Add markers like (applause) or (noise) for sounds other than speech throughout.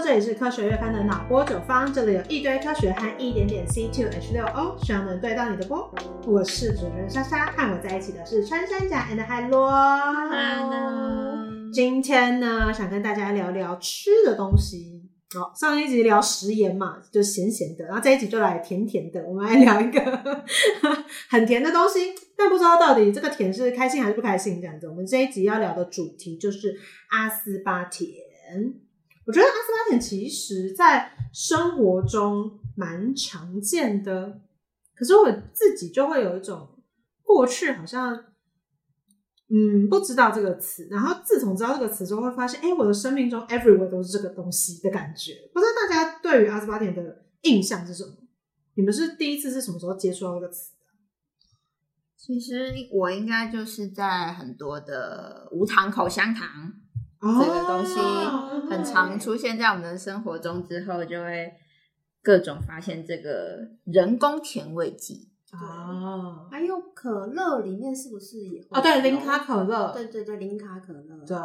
這裡是科學月刊的腦波酒坊，這裡有一堆科學和一點點 C2H6O，希望能對到你的波。我是主持人莎莎，和我在一起的是穿山甲 and hello。Hello，, hello. 今天呢，想跟大家聊聊吃的東西。好、哦，上一集聊食鹽嘛，就鹹鹹的，然後這一集就來甜甜的，我們來聊一個 (laughs) 很甜的東西，但不知道到底這個甜是開心還是不開心這樣子。我們這一集要聊的主題就是阿斯巴甜。我覺得阿斯巴甜其實在生活中蠻常見的，可是我自己就會有一種過去好像嗯不知道這個詞，然後自從知道這個詞之後，會發現誒我的生命中 everywhere 都是這個東西的感覺。不知道大家對於阿斯巴甜的印象是什麼？你們是第一次是什麼時候接觸到這個詞的？其實我應該就是在很多的無糖口香糖。這個東西很常出現在我們的生活中，之後就會各種發現這個人工甜味劑啊，還有可樂裡面是不是也啊、哦？對，零卡可樂，對對、哦、對，零卡可樂。對，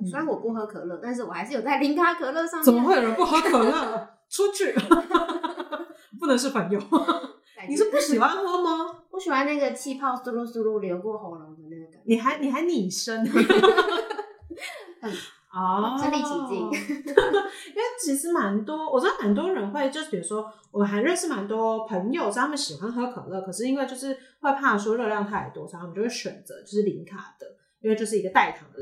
嗯、雖然我不喝可樂，但是我還是有在零卡可樂上。怎麼會有人不喝可樂？出去， (laughs) (laughs) 不能是朋友。就是、你是不喜歡喝嗎？不喜歡那個氣泡嗖嚕嗖嚕流過喉嚨的那個感覺你？你還你還擬聲？ (laughs) 哦，身臨、oh, 其境， (laughs) 因為其實蠻多，我知道蠻多人會，就是比如說，我還認識蠻多朋友，他們喜歡喝可樂，可是因為就是會怕說熱量太多，所以他們就會選擇就是零卡的，因為就是一個代糖的，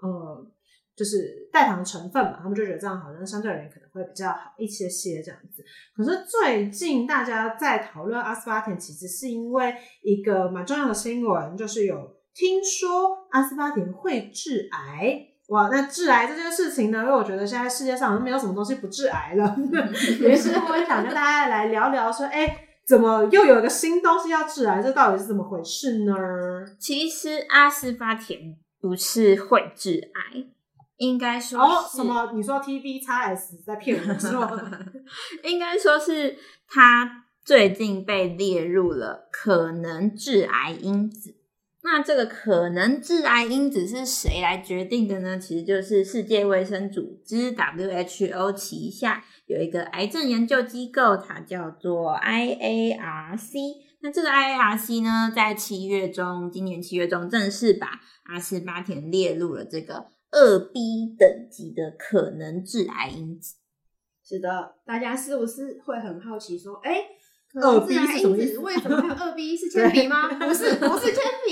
呃，就是代糖成分嘛，他們就覺得這樣好像相對而言可能會比較好一些些這樣子。可是最近大家在討論阿斯巴甜，其實是因為一個蠻重要的新聞，就是有聽說阿斯巴甜會致癌。哇，那致癌這件事情呢？因為我覺得現在世界上好像沒有什麼東西不致癌了，於 (laughs) 是我想跟大家來聊聊說，哎、欸，怎麼又有一個新東西要致癌？這到底是怎麼回事呢？其實阿斯巴甜不是會致癌，應該說是哦，什麼？你說 TVBS，在騙人是嗎？ (laughs) 應該說是它最近被列入了可能致癌因子。那這個可能致癌因子是誰來決定的呢？其實就是世界衛生組織 （WHO） 旗下有一個癌症研究機構，它叫做 IARC。那這個 IARC 呢，在七月中，今年七月中正式把阿斯巴甜列入了這個二 B 等級的可能致癌因子。是的，大家是不是會很好奇說，哎、欸，可能致癌因子為什麼還有二 B？是鉛筆嗎？對不是，不是鉛筆。 (laughs)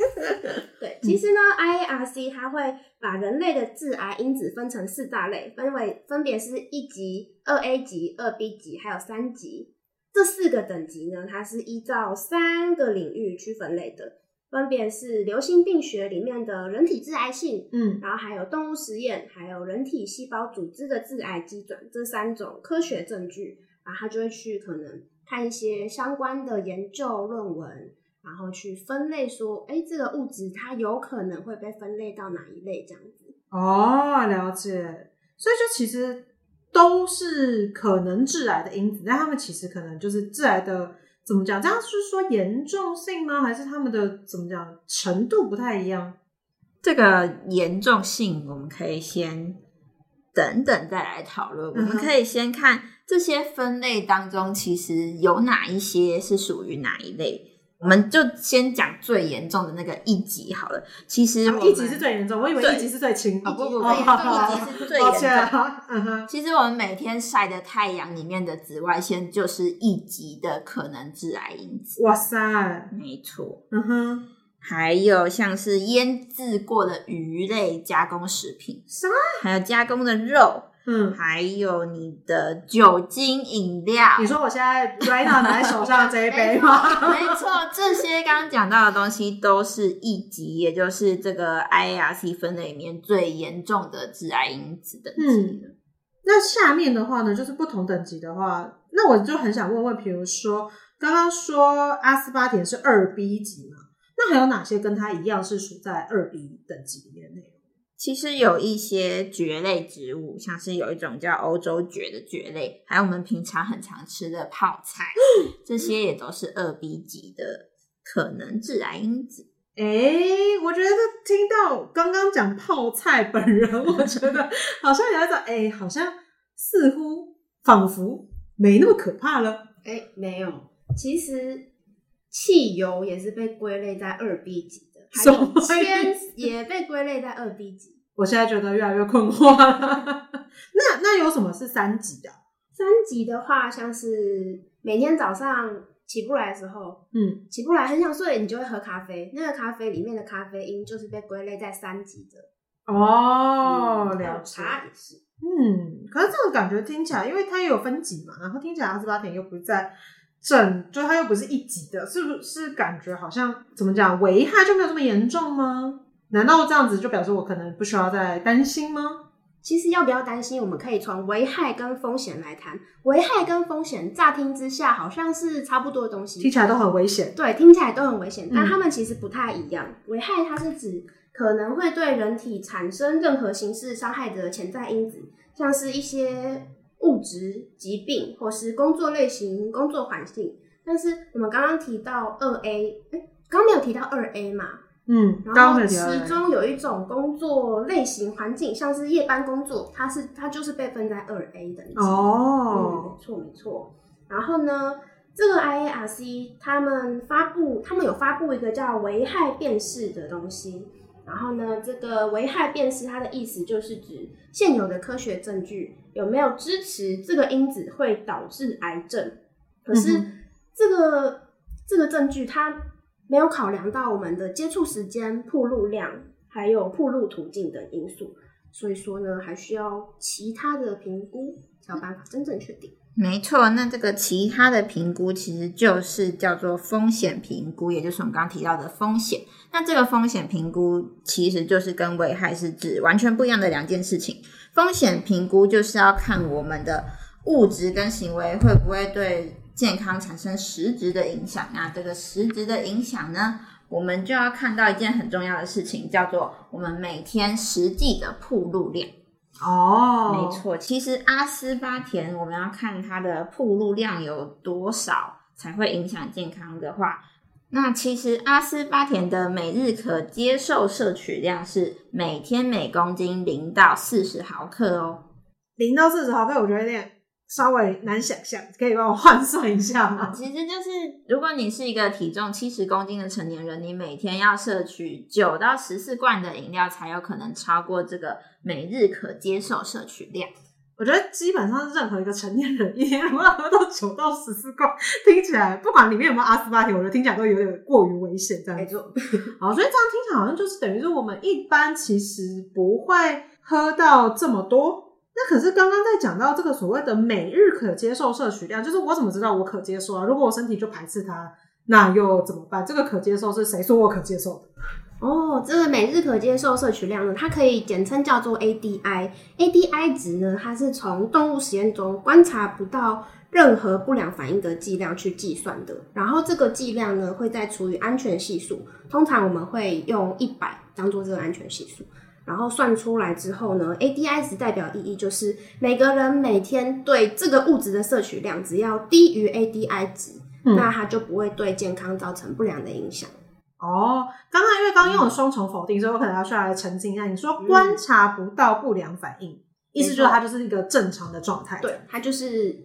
(laughs) 對，其實呢，IARC 它會把人類的致癌因子分成四大類，分為分別是一級、二 A 級、二 B 級，還有三級。這四個等級呢，它是依照三個領域去分類的，分別是流行病學裡面的人體致癌性，嗯，然後還有動物實驗，還有人體細胞組織的致癌機轉這三種科學證據，啊，它就會去可能看一些相關的研究論文。然後去分類，說，哎，這個物質它有可能會被分類到哪一類？這樣子。哦，了解。所以就其實都是可能致癌的因子，但他們其實可能就是致癌的怎麼講？這樣是，是說嚴重性嗎？還是他們的怎麼講，程度不太一樣？這個嚴重性我們可以先等等再來討論。嗯、我們可以先看這些分類當中，其實有哪一些是屬於哪一類？我們就先講最嚴重的那個一級好了。其實一級是最嚴重，我以為一級是最輕。不不不，一級是最嚴的。嗯哼，其實我們每天曬的太陽裡面的紫外線就是一級的可能致癌因子。哇塞，沒錯。嗯哼，還有像是醃制過的魚類加工食品，什麼，還有加工的肉。嗯，還有你的酒精飲料。你說我現在 right now 拿在手上這一杯嗎？ (laughs) 沒錯，這些剛剛講到的東西都是一級，也就是這個 IARC 分類裡面最嚴重的致癌因子等級，嗯。那下面的話呢，就是不同等級的話，那我就很想問問，比如說剛剛說阿斯巴甜是二 B 級嘛？那還有哪些跟它一樣是屬在二 B 等級裡面內容？其實有一些蕨類植物，像是有一種叫歐洲蕨的蕨類，還有我們平常很常吃的泡菜，這些也都是二 B 級的可能致癌因子。誒，我覺得這聽到剛剛講泡菜，本人我覺得好像有一種，誒，好像似乎仿佛沒那麼可怕了。誒，沒有，其實汽油也是被歸類在二 B 級。首先也被歸類在二 B 級，我現在覺得越來越困惑。 (laughs) 那那有什麼是三級的？三級的話，像是每天早上起不來的時候，嗯，起不來很想睡，你就會喝咖啡。那個咖啡裡面的咖啡因就是被歸類在三級的。哦，嗯、茶也是。嗯，可是這種感覺聽起來，因為它也有分級嘛，然後聽起來阿斯巴甜又不在。整，就它又不是一級的，是不是？是感覺好像怎麼講，危害就沒有這麼嚴重嗎？難道這樣子就表示我可能不需要再擔心嗎？其實要不要擔心，我們可以從危害跟風險來談。危害跟風險乍聽之下好像是差不多的東西，聽起來都很危險。對，聽起來都很危險，但他們其實不太一樣。嗯，危害它是指可能會對人體產生任何形式傷害的潛在因子，像是一些。物質、疾病或是工作類型、工作環境，但是我們剛剛提到二 A，哎、欸，剛剛沒有提到二 A 嘛？嗯，剛剛其中有一種工作類型環境，像是夜班工作，它是它就是被分在二 A 的。哦，嗯、沒錯沒錯。然後呢，這個 IARC 他們發布，他們有發布一個叫危害辨識的東西。然後呢，這個危害辨識它的意思就是指現有的科學證據。有沒有支持這個因子會導致癌症？可是這個、嗯、哼這個證據它沒有考量到我們的接觸時間、曝露量，還有曝露途徑等因素，所以說呢，還需要其他的評估，才有辦法真正確定。沒錯，那這個其他的評估其實就是叫做風險評估，也就是我們剛剛提到的風險。那這個風險評估其實就是跟危害是指完全不一樣的兩件事情。風險評估就是要看我們的物質跟行為會不會對健康產生實質的影響，啊。那這個實質的影響呢，我們就要看到一件很重要的事情，叫做我們每天實際的曝露量哦，沒錯，其實阿斯巴甜，我們要看它的曝露量有多少才會影響健康的話。那其實阿斯巴甜的每日可接受攝取量是每天每公斤零到四十毫克哦，零到四十毫克我覺得有點稍微難想象，可以幫我換算一下嗎？啊，其實就是如果你是一個體重七十公斤的成年人，你每天要攝取九到十四罐的飲料才有可能超過這個每日可接受攝取量。我覺得基本上是任何一個成年人一天如果要喝到九到十四罐，聽起來不管裡面有沒有阿斯巴甜，我覺得聽起來都有點過於危險這樣子。 (laughs) 好，所以這樣聽起來好像就是等於是我們一般其實不會喝到這麼多。那可是剛剛在講到這個所謂的每日可接受攝取量，就是我怎麼知道我可接受啊？如果我身體就排斥它，那又怎麼辦？這個可接受是誰說我可接受的？哦，這個每日可接受攝取量呢，它可以簡稱叫做 ADI。ADI 值呢，它是從動物實驗中觀察不到任何不良反應的劑量去計算的。然後這個劑量呢，會再除以安全係數，通常我們會用一百當做這個安全係數。然後算出來之後呢，ADI 值代表意義就是每個人每天對這個物質的攝取量只要低於 ADI 值，嗯、那它就不會對健康造成不良的影響。哦，剛剛因為剛剛用了雙重否定，嗯、所以我可能需要來澄清一下。你說觀察不到不良反應，嗯、意思就是它就是一個正常的狀態，對，它就是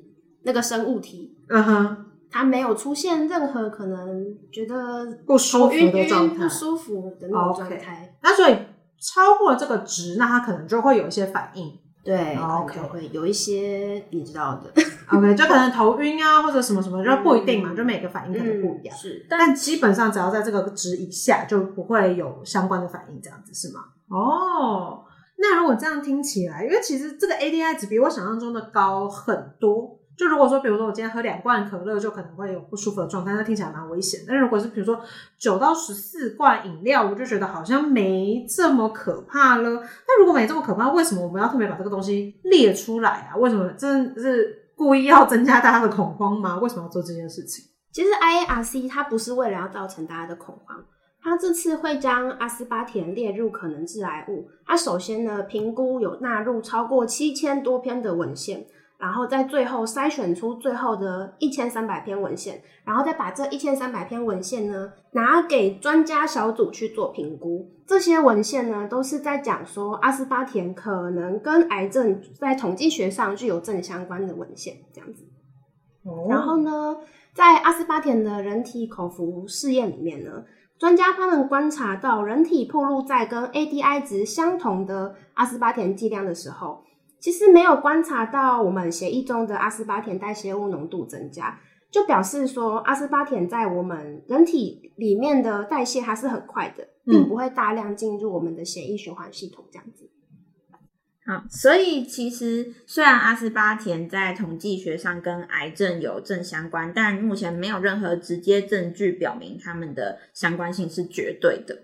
那個生物體，嗯哼，它沒有出現任何可能覺得暈暈不舒服的狀態，不舒服的那個狀態。那所以超過這個值，那它可能就會有一些反應。對，然後 Okay. 就會有一些你知道的，OK，就可能頭暈啊，或者什麼什麼，就不一定嘛，嗯、就每個反應可能不一樣。嗯、是，但基本上只要在這個值以下，就不會有相關的反應，這樣子是嗎？哦、oh,，那如果這樣聽起來，因為其實這個 ADI 值比我想象中的高很多。就如果說，比如說我今天喝兩罐可樂，就可能會有不舒服的狀態。那聽起來蠻危險。但如果是比如說九到十四罐飲料，我就覺得好像沒這麼可怕了。那如果沒這麼可怕，為什麼我們要特別把這個東西列出來啊？為什麼真是，是故意要增加大家的恐慌嗎？為什麼要做這件事情？其實 IARC 它不是為了要造成大家的恐慌，它這次會將阿斯巴甜列入可能致癌物。它首先呢，評估有納入超過七千多篇的文獻。然後在最後篩選出最後的一千三百篇文獻，然後再把這一千三百篇文獻呢拿給專家小組去做評估。這些文獻呢都是在講說阿斯巴甜可能跟癌症在統計學上具有正相關的文獻，這樣子。Oh. 然後呢，在阿斯巴甜的人體口服試驗裡面呢，專家他們觀察到人體暴露在跟 ADI 值相同的阿斯巴甜劑量的時候。其實沒有觀察到我們血液中的阿斯巴甜代謝物濃度增加，就表示說阿斯巴甜在我們人體裡面的代謝還是很快的，嗯、並不會大量進入我們的血液循環系統。這樣子，好，所以其實雖然阿斯巴甜在統計學上跟癌症有正相關，但目前沒有任何直接證據表明他們的相關性是絕對的。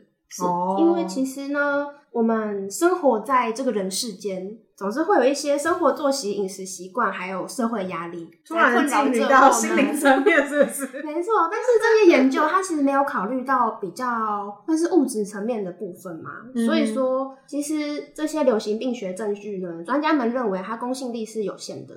哦，因為其實呢。哦我們生活在這個人世間，總是會有一些生活作息、飲食習慣，還有社會壓力，突然心靈層面是不是？沒錯，但是這些研究 (laughs) 它其實沒有考慮到比較，那是物質層面的部分嘛。嗯、所以說，其實這些流行病學證據呢，專家們認為它公信力是有限的。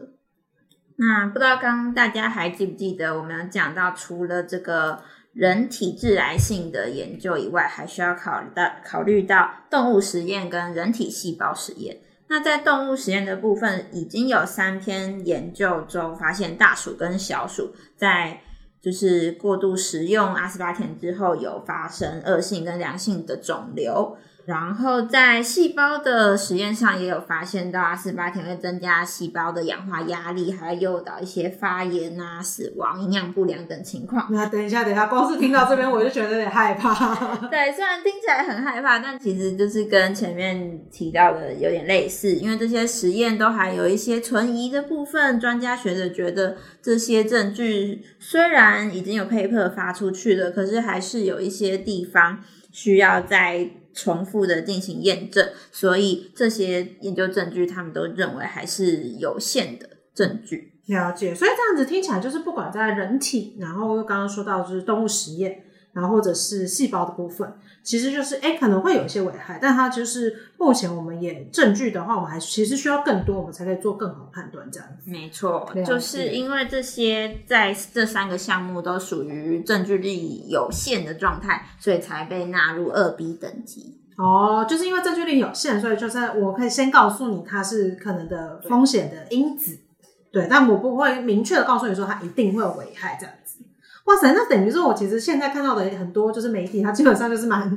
那、嗯、不知道剛大家還記不記得我們講到，除了這個。人體致癌性的研究以外，還需要考到考慮到動物實驗跟人體細胞實驗。那在動物實驗的部分，已經有三篇研究中發現，大鼠跟小鼠在就是過度食用阿斯巴甜之後，有發生惡性跟良性的腫瘤。然後在細胞的實驗上也有發現到、啊，阿斯巴甜會增加細胞的氧化壓力，還要誘導一些發炎啊、死亡、營養不良等情況。那等一下，等一下，光是聽到這邊我就覺得有點害怕。 (laughs) 對，雖然聽起來很害怕，但其實就是跟前面提到的有點類似，因為這些實驗都還有一些存疑的部分。專家學者覺得這些證據雖然已經有 paper 發出去了，可是還是有一些地方需要再。重複的進行驗證，所以這些研究證據，他們都認為還是有限的證據。了解，所以這樣子聽起來就是，不管在人體，然後又剛剛說到就是動物實驗。然後或者是細胞的部分，其實就是哎可能會有一些危害，但它就是目前我們也證據的話，我們還其實需要更多，我們才可以做更好的判斷這樣子。沒錯，就是因為這些在這三個項目都屬於證據力有限的狀態，所以才被納入二 B 等級。哦，就是因為證據力有限，所以就是我可以先告訴你它是可能的風險的因子，對，對，但我不會明確的告訴你說它一定會有危害這樣子。哇塞，那等於說，我其實現在看到的很多就是媒體，它基本上就是蠻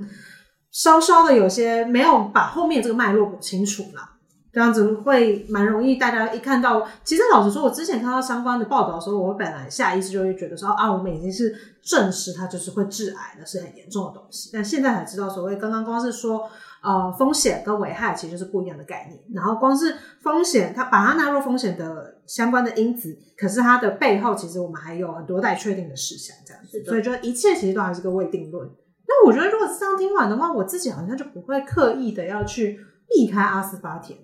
稍稍的有些沒有把後面這個脈絡搞清楚了。這樣子會蠻容易，大家一看到，其實老實說，我之前看到相關的報道的時候，我本來下意識就會覺得說啊，我們已經是證實它就是會致癌的，是很嚴重的東西。但現在才知道，所謂剛剛光是說呃風險跟危害其實是不一樣的概念。然後光是風險，它把它納入風險的相關的因子，可是它的背後其實我們還有很多待確定的事項，這樣子。所以就一切其實都還是個未定論。那我覺得如果是上聽完的話，我自己好像就不會刻意的要去避開阿斯巴甜。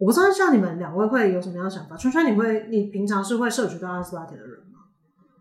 我不知道像你們兩位會有什麼樣的想法。川川，你會你平常是會攝取到阿斯巴甜的人嗎？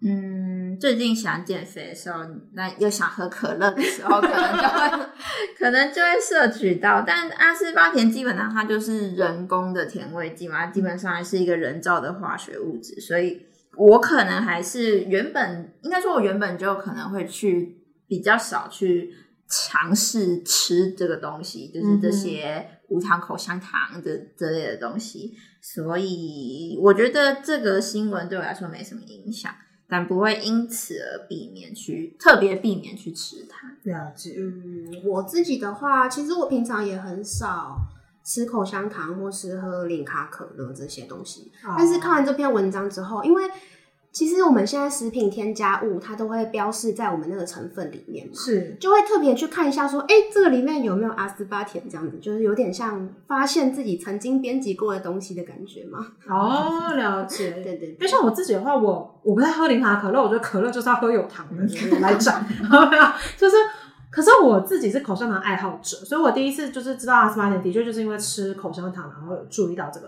嗯，最近想減肥的時候，但又想喝可樂的時候，可能就會 (laughs) 可能就會攝取到。但阿斯巴甜基本上它就是人工的甜味劑嘛，基本上還是一個人造的化學物質，所以我可能還是原本應該說，我原本就可能會去比較少去。嘗試吃這個東西，就是這些無糖口香糖的、嗯、這類的東西，所以我覺得這個新聞對我來說沒什麼影響，但不會因此而避免去特別避免去吃它。了解。嗯，我自己的話，其實我平常也很少吃口香糖或是喝零卡可樂這些東西，哦、但是看完這篇文章之後，因為。其實我們現在食品添加物，它都會標示在我們那個成分裡面嘛，是就會特別去看一下說，哎、欸，這個裡面有沒有阿斯巴甜這樣子，就是有點像發現自己曾經編輯過的東西的感覺嘛。哦，了解。對，對對。就像我自己的話，我我不太喝零糖可樂，我覺得可樂就是要喝有糖的來講， (laughs) 就是可是我自己是口香糖愛好者，所以我第一次就是知道阿斯巴甜，的確就是因為吃口香糖，然後有注意到這個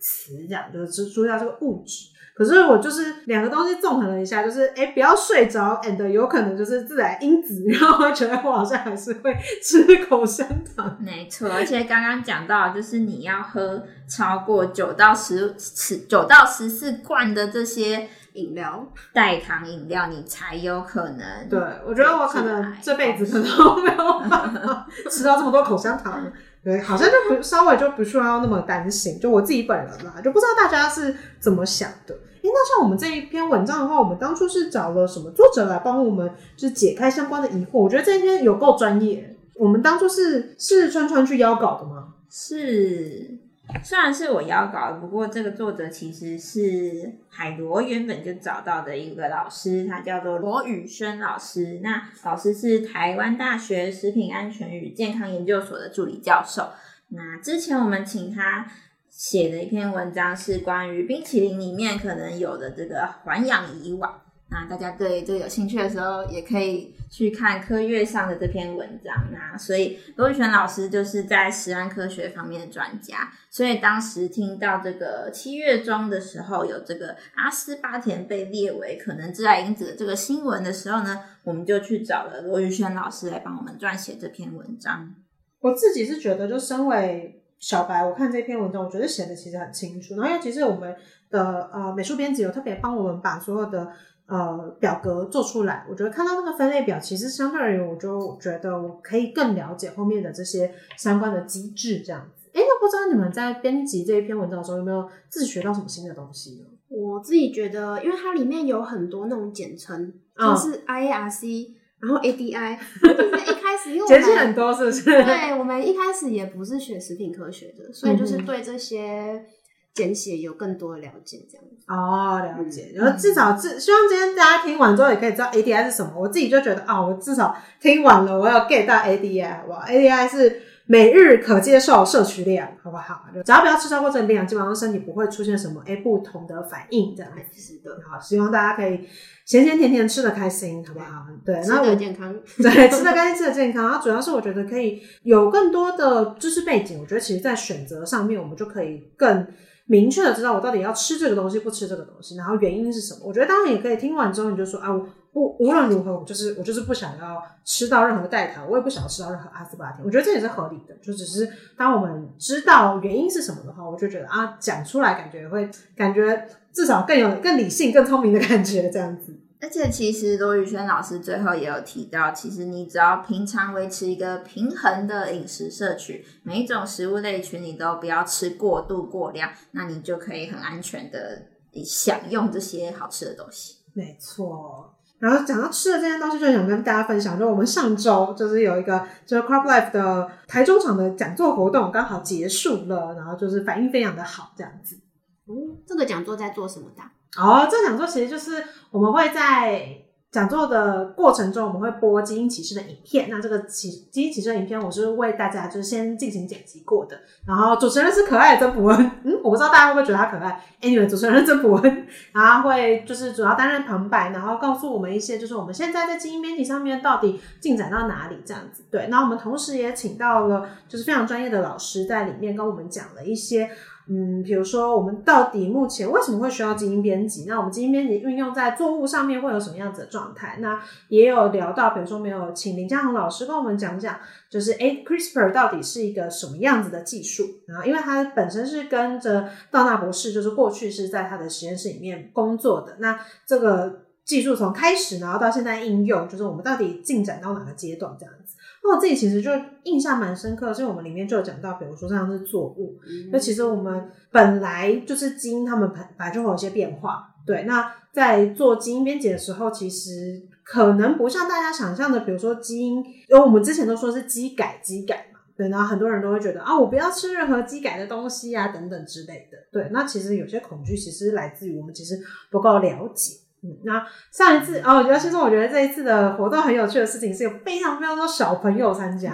詞這樣，就是注注意到這個物質。可是我就是兩個東西綜合了一下，就是哎、欸、不要睡着，and 有可能就是自然因子，然後我覺得我好像還是會吃口香糖。沒錯，而且剛剛講到，就是你要喝超過九到十十九到十四罐的這些飲料，代糖飲料，你才有可能。對，我覺得我可能這輩子都沒有辦法吃到這麼多口香糖。對，好像就不稍微就不需要那麼擔心。就我自己本人啦，就不知道大家是怎麼想的。哎，那像我們這一篇文章的話，我們當初是找了什麼作者來幫我們，就是解開相關的疑惑？我覺得這一篇有夠專業。我們當初是是川川去邀稿的嗎？是。雖然是我邀稿，不過這個作者其實是海螺原本就找到的一個老師，他叫做羅宇軒老師。那老師是台灣大學食品安全與健康研究所的助理教授。那之前我們請他寫的一篇文章是關於冰淇淋裡面可能有的這個環氧乙烷。那大家對這個有興趣的時候，也可以去看科月上的這篇文章啊。那所以羅宇軒老師就是在食安科學方面的專家。所以當時聽到這個七月中的時候，有這個阿斯巴甜被列為可能致癌因子的這個新聞的時候呢，我們就去找了羅宇軒老師來幫我們撰寫這篇文章。我自己是覺得，就身為小白，我看這篇文章，我覺得寫得其實很清楚。然後尤其是我們的呃美術編輯有特別幫我們把所有的。呃，表格做出來，我覺得看到那個分類表，其實相對而言，我就覺得我可以更了解後面的這些相關的機制。這樣，哎、欸，那不知道你們在編輯這一篇文章的時候，有沒有自己學到什麼新的東西呢？我自己覺得，因為它裡面有很多那種簡稱，就是 IARC，然後 ADI、嗯。是一開始因為我們 (laughs) 很多是不是？對，我們一開始也不是學食品科學的，所以就是對這些。簡寫有更多的了解，這樣子哦，了解，然後、嗯、至少，至希望今天大家聽完之後也可以知道 A D I 是什麼。我自己就覺得，哦，我至少聽完了，我要 get 到 A D I，我 A D I 是每日可接受攝取量，好不好？就只要不要吃超過這量，基本上身體不會出現什麼、誒、不同的反應的，這樣是的。好，希望大家可以鹹鹹甜甜吃得開心，好不好？我 (laughs) 對，吃得健康，對，吃得開心，吃得健康。然後主要是我覺得可以有更多的知識背景，我覺得其實在選擇上面，我們就可以更。明確的知道我到底要吃這個東西，不吃這個東西，然後原因是什麼？我覺得當然也可以聽完之後你就說啊，我不，無論如何我就是我就是不想要吃到任何的代糖，我也不想吃到任何阿斯巴甜，我覺得這也是合理的。就只是當我們知道原因是什麼的話，我就覺得啊，講出來感覺也會感覺至少更有更理性、更聰明的感覺這樣子。而且其實羅宇軒老師最後也有提到，其實你只要平常維持一個平衡的飲食攝取，每一種食物類群你都不要吃過度過量，那你就可以很安全的享用這些好吃的東西。沒錯。然後講到吃的這件東西，就想跟大家分享，就我們上周就是有一個就是 Crop Life 的台中場的講座活動剛好結束了，然後就是反應非常的好這樣子。嗯，這個講座在做什麼的？哦，這講座其實就是我們會在講座的過程中，我們會播《基因歧視》的影片。那這個其，《基因歧視》的影片，我是為大家就是先進行剪輯過的。然後主持人是可愛的曾博恩，嗯，我不知道大家會不會覺得他可愛。Anyway，主持人曾博恩，然後會就是主要擔任旁白，然後告訴我們一些就是我們現在在基因編輯上面到底進展到哪裡這樣子。對，那我們同時也請到了就是非常專業的老師在裡面跟我們講了一些。嗯，比如說我們到底目前為什麼會需要基因編輯？那我們基因編輯運用在作物上面會有什麼樣子的狀態？那也有聊到，比如說沒有，請林嘉恆老師跟我們講講，就是誒 CRISPR 到底是一個什麼樣子的技術啊？然後因為它本身是跟着道納博士，就是過去是在他的實驗室裡面工作的。那這個技術從開始，然後到現在應用，就是我們到底進展到哪個階段？這樣。那我自己其實就印象蠻深刻的，所以我們裡面就有講到，比如說像是作物，嗯嗯那其實我們本來就是基因，他們本來就會有一些變化。對，那在做基因編輯的時候，其實可能不像大家想象的，比如說基因，因為我們之前都說是基改基改嘛，對，然後很多人都會覺得啊，我不要吃任何基改的東西啊，等等之類的。對，那其實有些恐懼，其實來自於我們其實不夠了解。嗯、那上一次、嗯、哦，我覺得其實我覺得這一次的活動很有趣的事情是有非常非常多小朋友參加，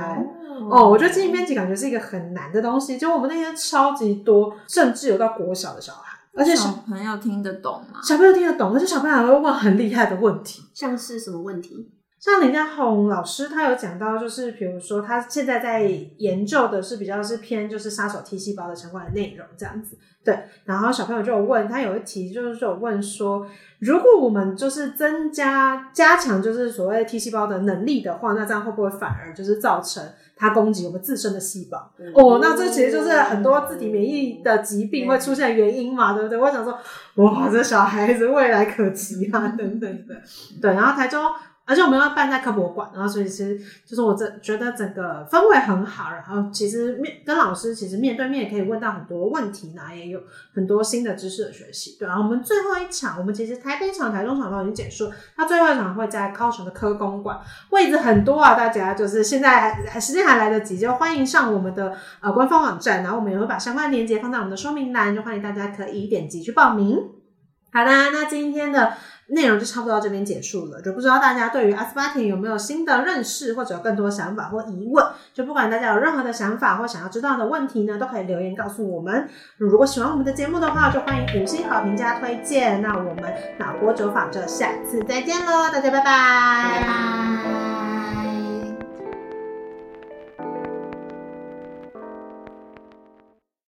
哦，哦，我覺得基因編輯感覺是一個很難的東西，就、嗯、我們那天超級多，甚至有到國小的小孩，而且小，小朋友聽得懂嗎、啊？小朋友聽得懂，而且小朋友還會問，問很厲害的問題，像是什麼問題？像林家宏老師，他有講到，就是比如說，他現在在研究的是比較是偏就是殺手 T 細胞的相關的內容這樣子。對，然後小朋友就有問他有一題，就是就有問說，如果我們就是增加加強就是所謂 T 細胞的能力的話，那這樣會不會反而就是造成它攻擊我們自身的細胞？嗯、哦，那這其實就是很多自體免疫的疾病會出現原因嘛，對不對？我想說，哇，這小孩子未來可期啊，等等的。對，然後台中。而且我們要辦在科博館，然後所以其實就是我這覺得整個氛圍很好，然後其實面跟老師其實面對面也可以問到很多問題呢、啊，也有很多新的知識的學習，對，然後我們最後一場，我們其實台北場、台中場都已經結束了，那最後一場會在高雄的科工館，位置很多啊，大家就是現在還時間還來得及，就歡迎上我們的呃官方網站，然後我們也會把相關的鏈接放在我們的說明欄，就歡迎大家可以點擊去報名。好啦，那今天的。內容就差不多到這邊結束了，就不知道大家對於阿斯巴甜有沒有新的認識，或者有更多想法或疑問？就不管大家有任何的想法或想要知道的問題呢，都可以留言告訴我們。如果喜歡我們的節目的話，就歡迎五星好評加推薦。那我們腦波酒坊就下次再見嘍，大家拜拜。拜拜。